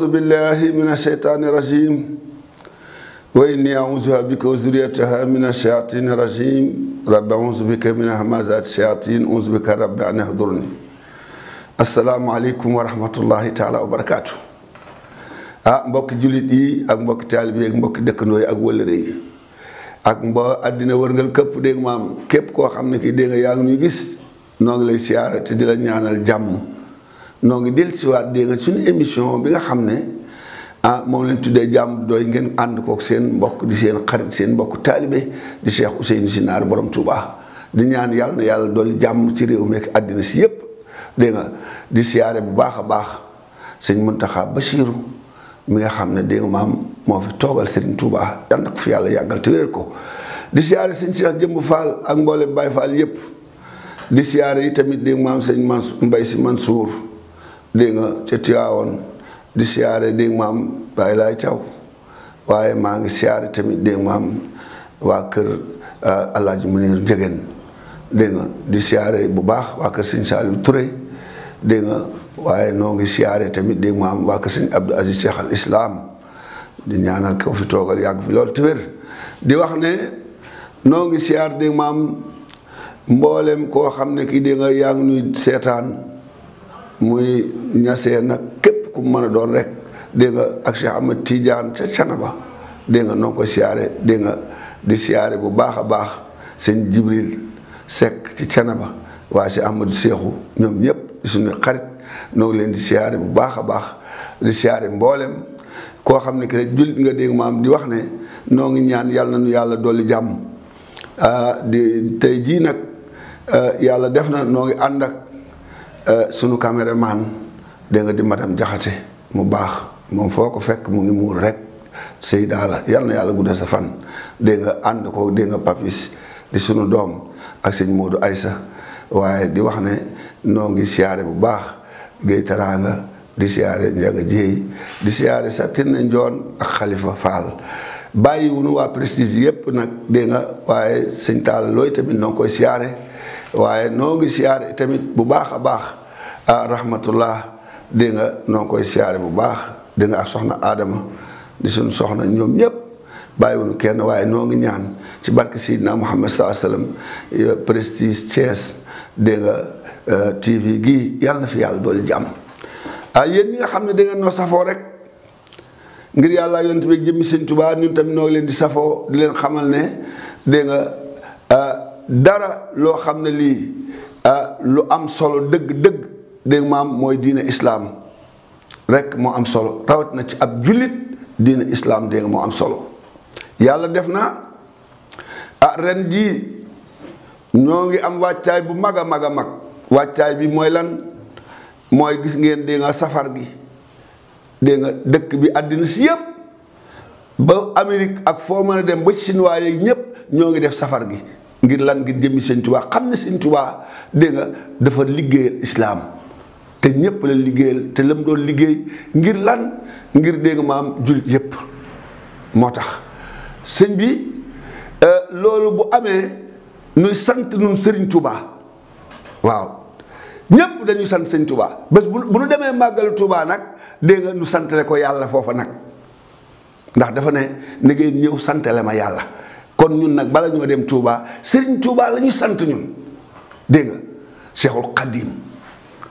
أعوذ بالله من الشيطان الرجيم وإني أعوذ بك وذريتها من الشياطين الرجيم رب أعوذ بك من همازات الشياطين أعوذ بك رب أن يحضرني السلام عليكم ورحمة الله تعالى وبركاته ah mbokki jullit yi ak mbokki taalibe yi ak mbokki dëkkandoo yi ak wëllëre yi ak mba àddina wërngal këpp dégg maam képp koo xam ne kii dégg nga yaa ngi ñuy gis noo ngi lay siyaare te di la ñaanal jàmm noo ngi dellusiwaat dégg nga suñu émission bi nga xam ne ah moom lañu tuddee jàmm dooy ngeen ànd kook seen mbokk di seen xarit seen mbokk taalibe di Cheikh Ousseynou Sy Narou borom Touba di ñaan yàlla na yàlla dolli jàmm ci réew meek addina si yépp dégg nga di siyaare bu baax a baax sëñ Mountakha Bassirou mu nga xam ne dégg nga maam moo fi toogal Serigne Touba yal na fi yàlla yàggal te wéral ko di siyaare sëñ Cheikh Jëmb Fall ak mboolem Baye Fall yépp di siyaare yi tamit dégg nga maam sëñ Mansour Mbaye Sy Mansour dégg nga ca Tiwaawoon di siyaare dégg maam Baay Laay Caw waaye maa ngi siyaare tamit dégg maam waa kër euh, Alaaji Muniir Njëgeen dégg nga di siyaare bu baax waa kër Sëñ Saaliw Ture dégg waaye noo ngi siyaare tamit dégg maam waa kër Sëñ Abdou Aziz Cheikh al Islam di ñaanal ko fi toogal yàgg fi loolu te di wax ne noo ngi siyaar maam mboolem ko xam ne kii dégg nga yaa ngi seetaan muy ñasee nag képp ku mën a doon rek dégg nga ak Cheikh Ahmed Tidiane ca Canaba dégg nga noo siyaare dégg nga di siyaare bu baax a baax sëñ Jibril Seck ci Canaba waa si Ahmadou Seexu ñoom ñëpp suñu xarit noo ngi leen di siyaare bu baax a baax di siyaare mboolem koo xam ne ki rek jullit nga dégg maam di wax ne noo ngi ñaan yàlla na nañu yàlla dolli jàmm ah, di tey jii nag ah, yàlla def na noo ngi ànd ak Euh, sunu caméraman dégg nga di madame Jaxate mu baax moom foo ko fekk mu ngi muur rek Seyda la yal na yàlla guddal sa fan dégg nga ànd ko dégg nga papis di sunu doom ak sëñ ay Aïssa waaye di wax ne noo ngi siyaare bu baax géej teraanga di siyaare Ndiaga Dièye di siyaare sa Tine Njoon ak Khalifa Fall bàyyi wunu waa Prestige yépp nag dégg nga waaye sëñ Talla looy tamit noo ngi koy siyaare waye no ngi siar tamit bu baax ah rahmatullah de nga no koy siar bu baax de nga soxna Adama di sun soxna ñoom ñëpp bàyyiwuñu kenn waye no ngi ñaan ci barke Seydina Muhammad alaihi wasallam ya, Prestige Thiès de nga eh, TV gi yalla na fi yalla dool jam ay ah, yeen nga xamne de nga no safo rek ngir yalla yonent bi jëmi Sëñ Tuubaa ñun tam no leen di safo di leen xamal ne de nga dara lo xamne li euh ah, lu am solo deug deug deug maam moy diine islam rek mo am solo rawat na ci ab julit diine islam deug mo am solo yalla defna ah, a ren di am waccay bu magamak, maga mag waccay bi moy lan moy gis ngeen de nga safar gi de nga dekk bi adina si yeb ba amerique ak fo meuna dem ba Chinois yeeg ñep def safar gi ngir lan ngir jëmmi sëñ Tuubaa xam ne sëñ Tuubaa dégg nga dafa liggéeyal islaam te ñëpp la liggéeyal te lam doon liggéey ngir lan ngir dégg nga am jullit yëpp moo tax sëñ bi euh, loolu bu amee nuy sant nun sëriñ Tuubaa waaw ñëpp dañuy sant sëñ Tuubaa bés bu nu demee màggalu tubaa nag dégg nga nu santale ko yàlla foofa nag ndax dafa ne na ngeen ñëw santale ma yàlla kon ñun nak bala ñu dem Touba Serigne Touba la sant ñun dégg nga Cheikhul qadim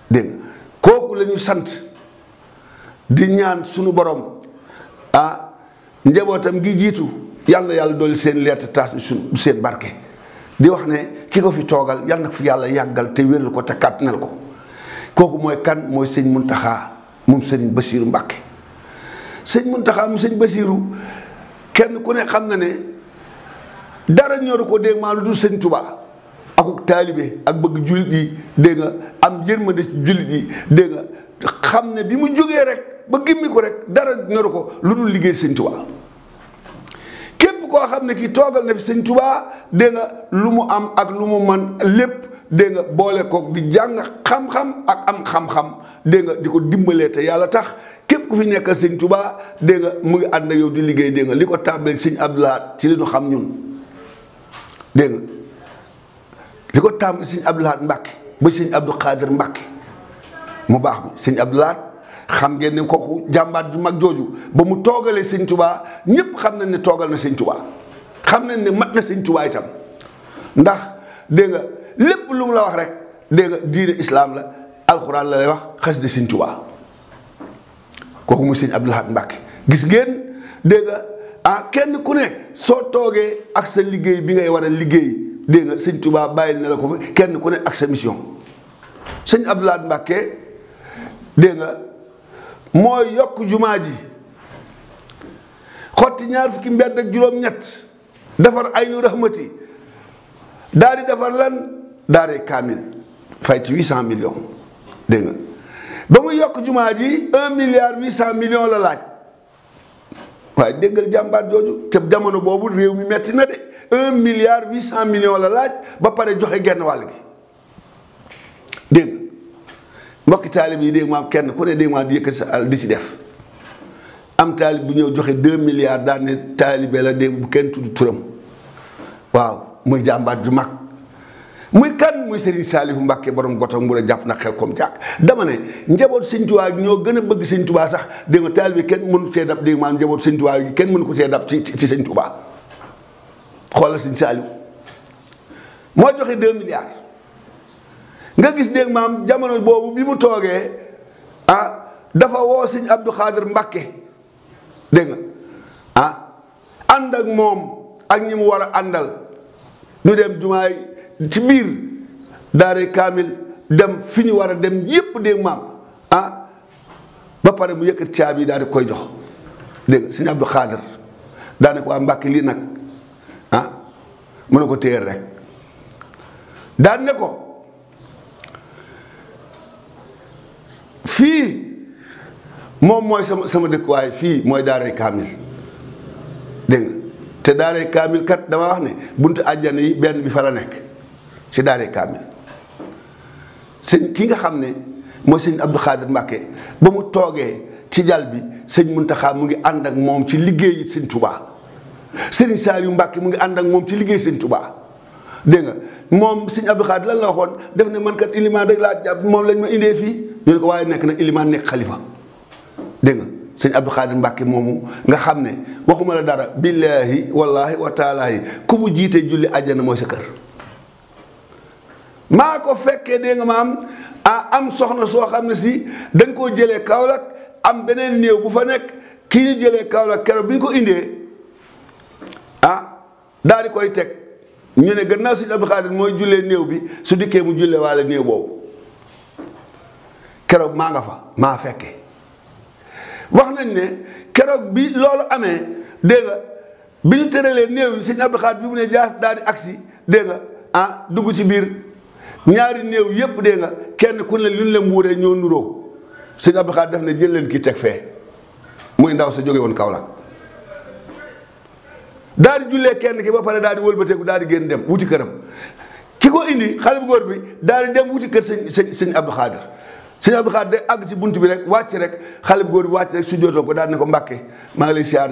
dégg nga koku lañu sant di ñaan suñu borom ah njabotam gi jitu yalla yalla dolli seen leert taas suñu seen barke. di wax ne kiko fi togal yalla nak fi yalla yagal te wéral ko te katnal ko koku moy kan moy serigne muntaha mum Serigne basirou Mbacke serigne muntaha mum serigne basirou kenn ku ne xam ne. dara ñoru ko dégg maa lu dul sëñ Tuubaa akuk taalibe ak bëgg jullit yi dégg nga am yërmande ci jullit yi dégg nga xam ne bi mu jógee rek ba gimmi ko rek dara ñoru ko lu dul liggéey sëñ Tuubaa képp koo xam ne kii toogal na fi sëñ Tuubaa dégg lu mu am ak lu mu man lépp dégg boole koog di jàng xam ak am xam-xam di ko dimbalee te yàlla tax képp ku fi nekkal sëñ Tuubaa mu ngi ànd ak yow di liggéey dégg nga li ko tàmbalee sëñ Abdou laat ci li xam ñun dégg li ko tàmbali sëñ Abdou Lahad Mbacke ba sëñ Abdou mu baax bi sëñ Abdou Lahad xam ngeen ne kooku jàmbaat ju mag jooju ba mu toogalee sëñ Touba ñëpp xam nañ ne toogal na sëñ Touba xam nañ ne mat na sëñ Touba itam ndax dégg nga lépp lu mu la wax rek dégg nga diine islaam la alxuraan la lay wax xas di sëñ Touba kooku muy sëñ Abdou Lahad gis ngeen dégg ah kenn ku ne soo toogee ak sa liggéey bi ngay war a liggéey dégg nga sëñ bàyyil na la ko kenn ku ne ak sa mission sëñ Abdoulaye Mbacke dégg nga moo yokk jumaa ji xotti ñaar fukki mbedd ak juróom-ñett defar ay nu rahmati daal di defar lan daaree kaamil fay ci huit cent million dégg nga ba mu yokk jumaa ji un milliard huit cent million la laaj. waaye déggal jàmbaat jooju te jamono boobu réew mi metti na de un milliard huit cent millions la laaj ba pare joxe genn wàll gi dégg nga mbokki taalib yi dégg ma am kenn ku ne dégg ma di yëkkati sa al di si def am taalib bu ñëw joxe deux milliards daan ne taalibe la dégg bu kenn tudd turam waaw muy jàmbaar ju mag muy kan muy Serigne Saliou mbakke borom goto mu a jàpp na xel comme jàkk dama ne njaboot Sëñ Tuubaa ñoo gën a bëgg Sëñ Tuubaa sax dégg nga taal bi kenn mënu cee dab dégg nga maanaam njaboot Sëñ Tuubaa yi kenn mënu ci ci Sëñ Tuubaa joxe 2 milliards gis dégg maam jamono boobu bi mu toogee ah dafa woo Sëñ Abdou Khadir mbakke dégg nga ah ànd ak moom ak ñi mu war a àndal ñu dem jumaay. ci biir daaree kaamil dem fi ñu war a dem yépp dégg maam ah, ba pare mu yëkkat caabi daal di koy jox dégg nga sëñ Abdou daa ne ko waa Mbàkke lii nag ah mu ne ko téyeel rek daan ne ko fii moom mooy sama sama dëkkuwaay fii mooy daaray kaamil dégg nga te daaray kaamil kat dama wax ne buntu àjjana yi benn bi fa la nekk ci daaree kaamil sëñ ki nga xam ne mooy sëñ Abdou Khadir Mbacké ba mu toogee ci jal bi sëñ Muntaxa mu ngi ànd ak moom ci liggéey sëñ Tubaa sëriñ Saliou Mbacké mu ngi ànd ak moom ci liggéey sëñ Tubaa dégg nga moom sëñ Abdou Khadir lan la waxoon def ne man kat ilimaan rek laa jàpp moom lañ ma indee fii ñu ne ko waaye nekk na ilimaan nekk xalifa dégg nga sëñ Abdou Khadir Mbacké moomu nga xam ne waxuma la dara billaahi wallaahi wa taalaahi ku mu jiitee julli àjjana mooy sa maa ko fekkee dégg nga maam am soxna soo xam ne si dañ koo jëlee Kaolack am beneen néew bu fa nekk kii ñu jëlee Kaolack keroog bi ñu ko indee ah daal di koy teg ñu ne gannaaw Sëñ Abdou Khadre mooy jullee néew bi su dikkee mu jullee waale néew boobu keroog maa nga fa maa fekkee wax nañ ne keroog bi loolu amee dégg nga bi ñu tëralee néew bi Sëñ Abdou Khadre bi mu ne jaas daal di agsi dégg nga dugg ci biir. ñaari néew yëpp dee nga kenn ku ne lu ñu leen wuuree ñoo nuroo sëñ Abdou Khadre def na jël leen kii teg fee muy ndaw sa jóge woon la daal di jullee kenn ki ba pare daal di wëlbateeku daal di génn dem wuti këram ki ko indi xale bu góor bi daal di dem wuti kër sëñ sëñ sëñ Abdou Khadre sëñ Abdou Khadre àgg si bunt bi rek wàcc rek xale bu góor bi wàcc rek su jootoo ko daal di ne ko Mbàkke maa ngi lay siyaar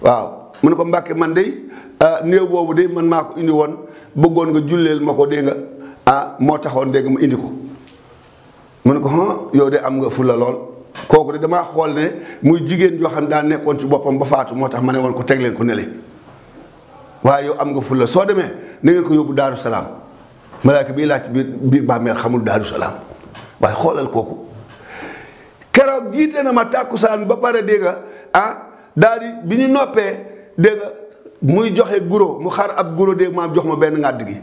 waaw. mu ne ko Mbàkke man de ah, néew boobu de man maa ko indi woon bëggoon nga julleel ma ko dégg nga. Ah, moo taxoon dégg mu indi ko mu ne ko ah yow de am nga fulla lool kooku de damaa xool ne muy jigéen joo ne daa nekkoon ci boppam ba faatu moo tax ma ne woon ko teg leen ko nele waaye yow am nga fulla soo demee na ngeen ko yóbbu daaru salaam malaaka bii laaj biir biir bàmmeel xamul daaru salaam waaye xoolal kooku keroog jiite na ma tàkkusaan ba pare dégg nga ah daal di bi ñu noppee dégg muy joxe guro mu xar ab guro dégg maam jox ma benn ngàdd gi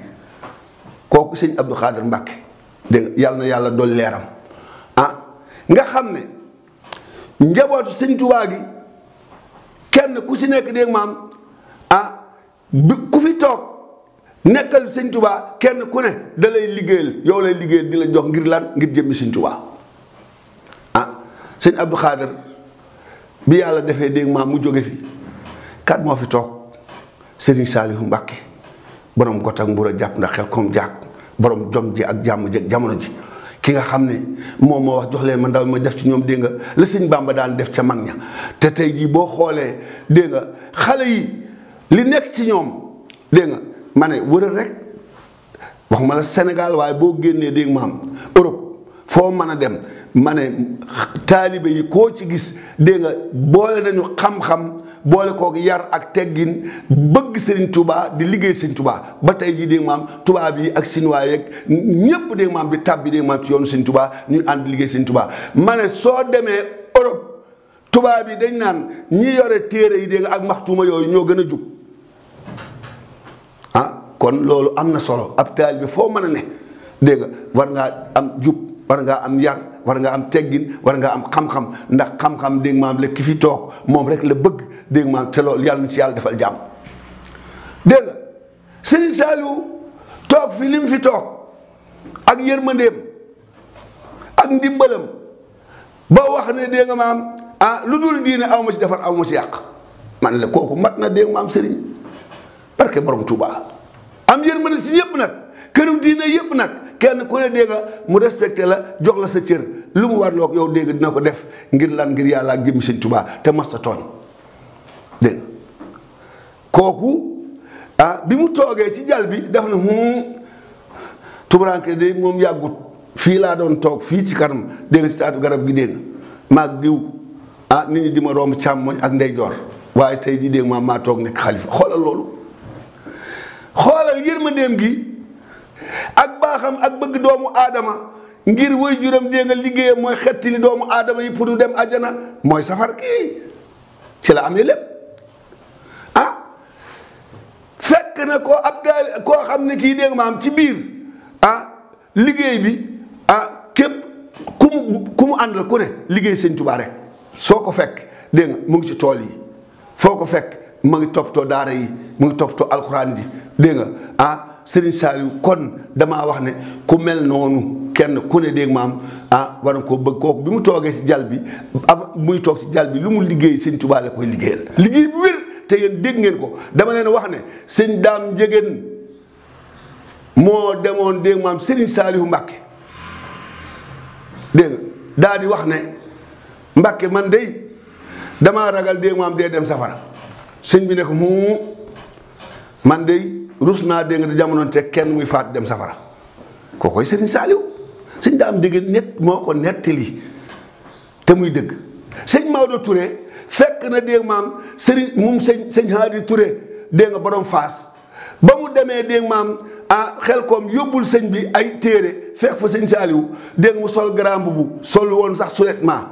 kooku sëñ Abdou Khader Mbacke dégg yàlla na yàlla doon leeram ah nga xam ne njabootu sëñ Touba gi kenn ku si nekk dégg maam ah bi ku fi toog nekkal sëñ Touba kenn ku ne da lay liggéeyal yow lay liggéeyal di la jox ngir lan ngir jëmmi sëñ Touba ah sëñ Abdou Khader bi yàlla defee dégg maam mu jóge fi kat moo fi toog Serigne Saliou Mbacke. borom got ak mbuur a jàpp ndax xel kom jàkk boroom jom ji ak jàmm ji jamono ji ki nga xam ne moom moo wax jox leen ma ndaw ma def ci ñoom dénga nga la sëñ Bàmba daan def ca mag ña te tey jii boo xoolee dégg nga xale yi li nekk ci ñoom dégg nga ma ne wëral rek ma la Sénégal waaye boo génnee dégg ma am Europe foo mën a dem ma ne taalibe yi koo ci gis dégg nga boole nañu xam-xam boole koog yar ak teggin bëgg Serigne tubaa di liggéey Serigne tubaa ba tey jii dégg maam tubaab yi ak chinois yeeg ñëpp dégg maam di tab bi dégg maam ci yoonu Serigne Touba ñu ànd liggéey Serigne Touba ma soo demee Europe tubaab yi dañ naan ñi yore téere yi dégg ak maxtuuma yooyu ñoo gën a jub ah kon loolu am na solo ab taal bi foo mën a ne dégg war ngaa am jub war ngaa am yar war nga am teggin war nga am xam-xam ndax xam-xam dégg maam la ki fi toog moom rek la bëgg dégg nga maanaam te loolu yàlla na ci defal jàmm dégg nga Serigne Saliou toog fi li mu fi toog ak yërmandeem ak ndimbalam ba wax ne dégg nga maam ah lu dul diine aw ma ci defar aw ma ci yàq man la kooku mat na dégg nga maam Serigne parce que borom Touba am yërmande si ñëpp nag këru diine yëpp nag. kenn ku ne dégg mu respecté la jox la sa cër lu mu warloo ak yow dégg dina ko def ngir lan ngir yàlla ak jëmmi sëñ te mas sa tooñ dégg kooku ah bi mu toogee ci jàll bi daf ne hum tumuranke de moom yàggut fii laa doon toog fii ci kanam dégg ci taatu garab gi dégg maag diw ah nit ñi di ma romb càmmoñ ak ndeyjoor waaye tey jii dégg maa maa toog nekk xalifa xoolal loolu xoolal yërmandeem gi ak baaxam ak bëgg doomu aadama ngir way juram dégg nga liggéeyam mooy xettili doomu aadama yi pour ñu dem ajana mooy safar kii ci la amee lépp na koo ab daal koo xam ne kii dégg maam ci biir ah liggéey bi ah képp ku mu ku mu àndal ku ne liggéey sëñ Tuubaa rek soo ko fekk dégg mu ngi ci tool yi foo ko fekk mu ngi toppatoo daara yi mu ngi toppatoo alxuraan ji dégg nga ah Serigne kon damaa wax ne ku mel noonu kenn ku ne dégg maam ah war koo bëgg kooku bi mu toogee si jàll bi am muy toog ci jal bi lu mu liggéey sëñ Tuubaa la koy liggéeyal liggéey te yéen dégg ngeen ko dama leen wax ne sëñ daam njegéen moo demoon dégg maam Serigne Saliou Mbacke dégg daa di wax ne Mbacke man day damaa ragal dégg maam dee dem safara sëñ bi ne ko mu man day rus naa dégg nga jamono te kenn muy faat dem safara kookoy Serigne Saliou sëñ daam njegéen net moo ko nettali te muy dëgg sëñ Maodo Touré. fekk na dégg maam Serigne moom sëñ sëñ Hadi Touré dégg nga borom faas ba mu demee dégg maam ah xel koom yóbbul sëñ bi ay téere fekk fa sëñ Saaliwu dégg mu sol grand boubou sol woon sax survêtement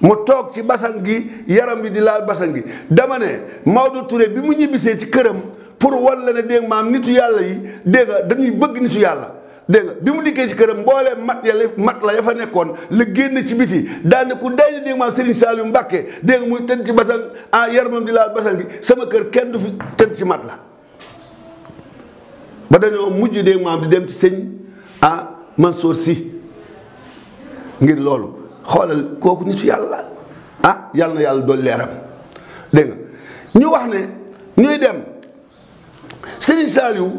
mu toog ci basang gi yaram wi di laal basang gi dama ne Maodo Touré bi mu ñibbisee ci këram pour wan la ne dégg maam nitu yàlla yi dégg nga dañuy bëgg nitu yàlla dégg nga bi mu dikkee ci këram mboolee mat ya mat la ya fa nekkoon la génn ci biti daane ku day di dégg maa Serigne Saliou Mbacké dégg nga tëdd ci basang ah yaramam di laal basang gi sama kër kenn du fi tëdd ci mat la ba dañoo mujj dégg maam di dem ci sëñ ah Mansour si ngir loolu xoolal kooku nitu yàlla ah yàlla na yàlla dool leeram dégg nga ñu wax ne ñuy dem Serigne Saliou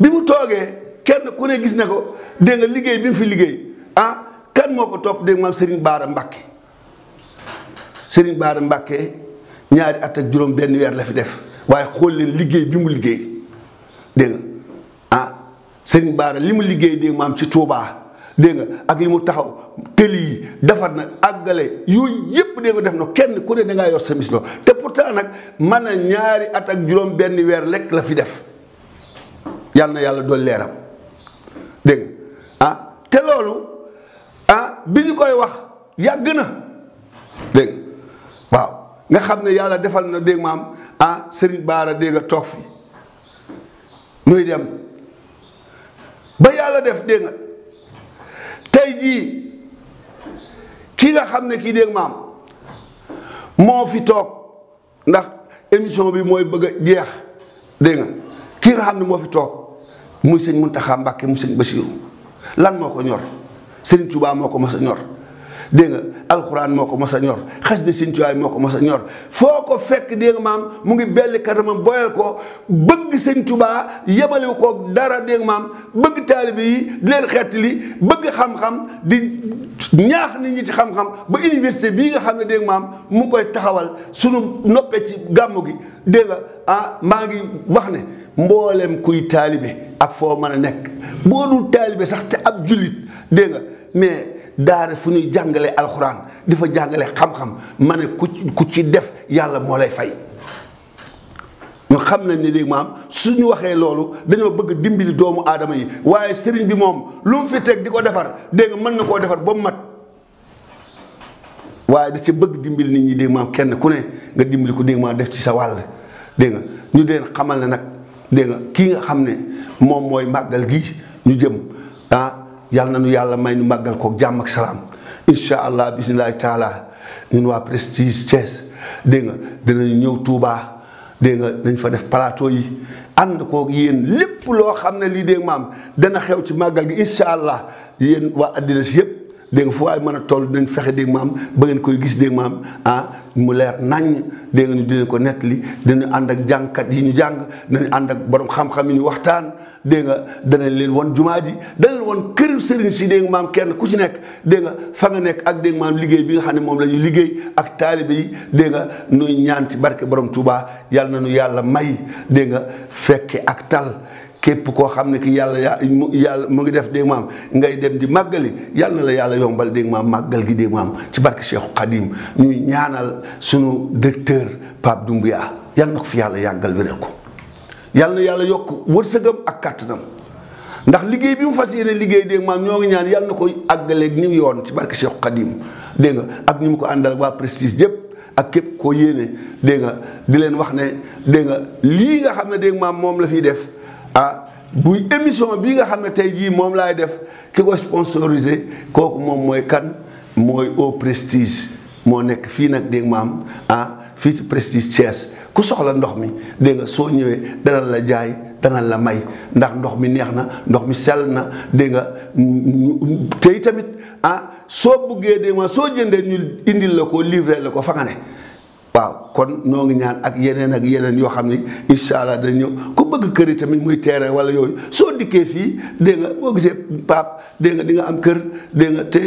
bi mu toogee kenn ku ne gis na ko dégg nga liggéey bi mu fi liggéey ah kan moo ko topp dégg nga maam Serigne Baara Mbacke Serigne Baara Mbacke ñaari at ak juróom benn weer la fi def waaye xool leen liggéey bi mu liggéey dégg nga ah Serigne Baara li mu liggéey dégg maam ci tuubaa dégg nga ak li mu taxaw tëli yi defar na àggale yooyu yépp dégg nga def na kenn ku ne da yor sa mission te pourtant nag man na ñaari at ak juróom benn weer lekk la fi def yàlla na yàlla dool leeram dégg nga ah te loolu ah bi ñu koy wax yàgg na dégg waaw nga xam ne yàlla defal na dégg maam ah Serigne Baara dégg toog fi nuy dem ba yàlla def dégg nga tey jii kii nga xam ne kii dégg maam moo fi toog ndax émission bi mooy bëgg a jeex dégg nga ki nga xam ne moo fi toog. muy sëñ Muntaxa Mbàkke mu sëñ Basiiru lan moo ko ñor sëriñ Tuubaa moo ko mas a ñor dégg nga alxuraan moo ko mos a ñor xas di Sëñ moo ko mos a ñor foo ko fekk dégg maam mu ngi belli kanamam boyal ko bëgg Sëñ Tuubaa yemalewu ko dara dégg maam bëgg taalibe yi di leen li bëgg xam-xam di ñaax nit ñi ci xam-xam ba université bii nga xam ne dégg mu koy taxawal sunu noppee ci gàmmu gi dégg nga ah, maa ngi wax ne mboolem kuy taalibe ak foo mën a nekk boo dul taalibe sax te ab jullit dégg nga mais daara fu ñuy jàngale alxuraan di fa jàngale xam-xam ma ne ku ku ci def yàlla moo lay fay ñu xam nañ ne léegi maam suñu waxee loolu dañoo bëgg dimbali doomu aadama yi waaye sëriñ bi moom lu fi teg di ko defar dégg mën na koo defar ba mu mat waaye da ci bëgg dimbali nit ñi dégg maam kenn ku ne nga dimbali ko dégg maam def ci sa wàll dégg nga ñu deen xamal ne nag dégg nga kii nga xam ne moom mooy màggal gi ñu jëm ah, yàlla na nu yàlla may nu màggal ko jàmm ak salaam incha allah bisimilahi taala ñun waa prestige Thiès dégg nga dinañ ñëw Touba dégg nga nañ fa def palaato yi ànd koog yéen lépp loo xam ne lii dégg maam dana xew ci màggal gi incha allah yéen waa àddina si yëpp dégg nga fu waay mën a toll dinañ fexe dégg maam ba ngeen koy gis dégg maam ah mu leer nàññ dégg nga ñu di ko nettali dinañ ànd ak jàngkat yi ñu jàng dinañ ànd ak borom xam-xam yi ñu dégg nga danañ leen wan jumaa ji danañ leen wan kër sëriñ si dégg nga maam kenn ku ci nekk dégg nga fa nekk ak dégg nga maam liggéey bi nga xam ne moom la ñuy liggéey ak taalibe yi dégg nga nuy ñaan ci barke borom tubaa yàlla na nu yàlla may dégg nga fekke ak tal képp koo xam ne ki yàlla yaa mu yàlla mu ngi def dégg maam ngay dem di màggali yàlla na la yàlla yombal dégg maam màggal gi dégg maam ci barke Cheikh Khadim ñuy ñaanal sunu directeur Pape Doumbia yàlla na ko fi yàlla yàggal wérel ko yàlla na yàlla yokk wërsëgam ak kàttanam ndax liggéey bi mu fas yéene liggéey dégg maam ñoo ngi ñaan yàlla na ko àggaleeg ni mu yoon ci barke Cheikh Khadim dégg nga ak ñu mu ko àndal waa prestige yëpp ak képp koo yéene dégg nga di leen wax ne dégg nga lii nga xam ne dégg maam moom la fiy def ah buy émission bii nga xam ne tey jii moom laay def ki ko sponsorisé kooku moom mooy kan mooy au prestige moo nekk fii nag dégg maam ah. fii ci Prestige Thiès ku soxla ndox mi dégg nga soo ñëwee dana la jaay dana la may ndax ndox mi neex na ndox mi sell na dégg nga tey tamit ah soo buggee dégg soo jëndee ñu indil la ko livré la ko fa nga waaw kon noo ngi ñaan ak yeneen ak yeneen yoo xam ni incha allah dañ ñëw ku bëgg kër yi tamit muy terrain wala yooyu soo dikkee fii dégg nga boo gisee paap dégg nga di nga am kër dégg nga te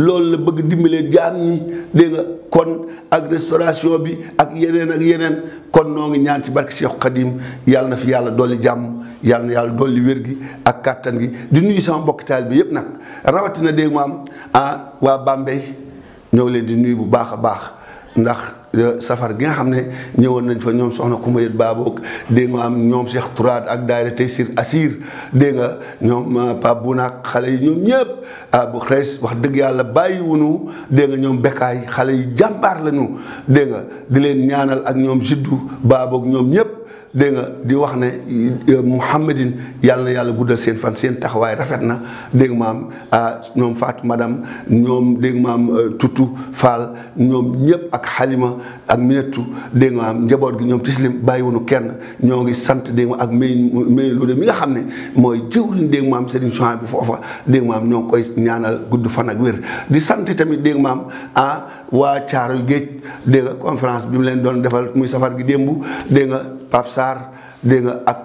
loolu la bëgg dimbalee jaam ñi dégg nga kon ak restauration bi ak yeneen ak yeneen kon noo ngi ñaan ci barke Cheikh Khadim yàlla na fi yàlla dolli jàmm yàlla na yàlla dolli wér gi ak kàttan gi di nuyu sama mbokki taal bi yëpp nag rawatina dégg maam ah waa Bambey ñoo leen di nuyu bu baax a baax ndax. safar gi nga xam ne ñëwoon nañ fa ñoom soxna Kumba yët baaboog dégg nga ñoom seex euh, Tourade ak daayira Taysir Asir dégg nga ñoom Pape Bounaak xale yi ñoom ñëpp ah xees wax dëgg yàlla bàyyi wunu dégg nga ñoom bekkaay xale yi jàmbaar lañu dégg nga di leen ñaanal ak ñoom jiddu baabook ñoom ñëpp dégg nga di wax ne euh, Mouhamadine yàlla na yàlla guddal seen fan seen taxawaay rafet na dégg maam ah, ñoom Fatou madame ñoom dégg maam euh, Tutu Fall ñoom ñëpp ak Halima ak minettu dégg nga njaboot gi ñoom tislim bàyyiwunu kenn ñoo ngi sant dégg nga ak may may loolu mi nga xam ne mooy jëwriñ dégg nga maam Serigne Souhaïbou bi foofa dégg nga maam ñoo ngi koy ñaanal gudd fan ak wér di sant tamit dégg maam ah waa Caaroy Géej dégg nga conférence bi mu leen doon defal muy safar gi démb dégg nga Pape dégg nga ak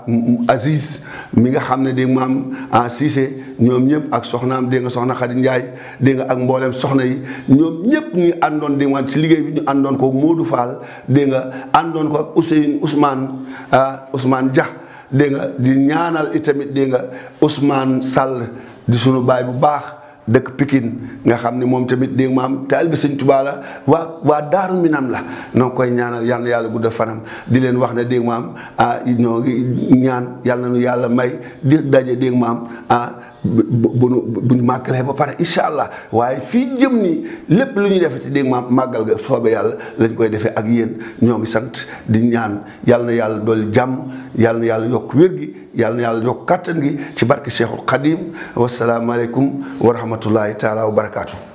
Aziz mi nga xam ne dégg maam en ah Cissé ñoom ñëpp ak soxnaam dégg nga soxna Khady Ndiaye dégg nga ak mbooleem soxna yi ñoom ñëpp ñu àndoon dégg nga ci liggéey bi ñu àndoon ko Modou Fall dégg nga àndoon ko ak Ousseynou Ousmane ah Ousmane Dia dégg nga di ñaanal itamit dégg nga Ousmane Sall di sunu baay bu baax. dëkk Pikine nga xam ne moom tamit dégg maam taalibe Sëñ Tuubaa la waa waa Daaru Minam la noo koy ñaanal yal na yàlla gudd fanam di leen wax ne dégg maam ah ñoo ngi ñaan yal na nu yàlla may di daje dégg maam ah bu nu bu ñu màggalee ba pare incha allah waaye fii jëm nii lépp lu ñuy defati dégg ma màggal ga soobee yàlla lañ koy defee ak yéen ñoo ngi sant di ñaan yàlla na yàlla dool jàmm yàlla yàlla yokk wér gi yàlla na yàlla yokk kàttan gi ci barke Cheikhul Xadim wasalaamaaleykum wa rahmatullahi taala wa barakaatu.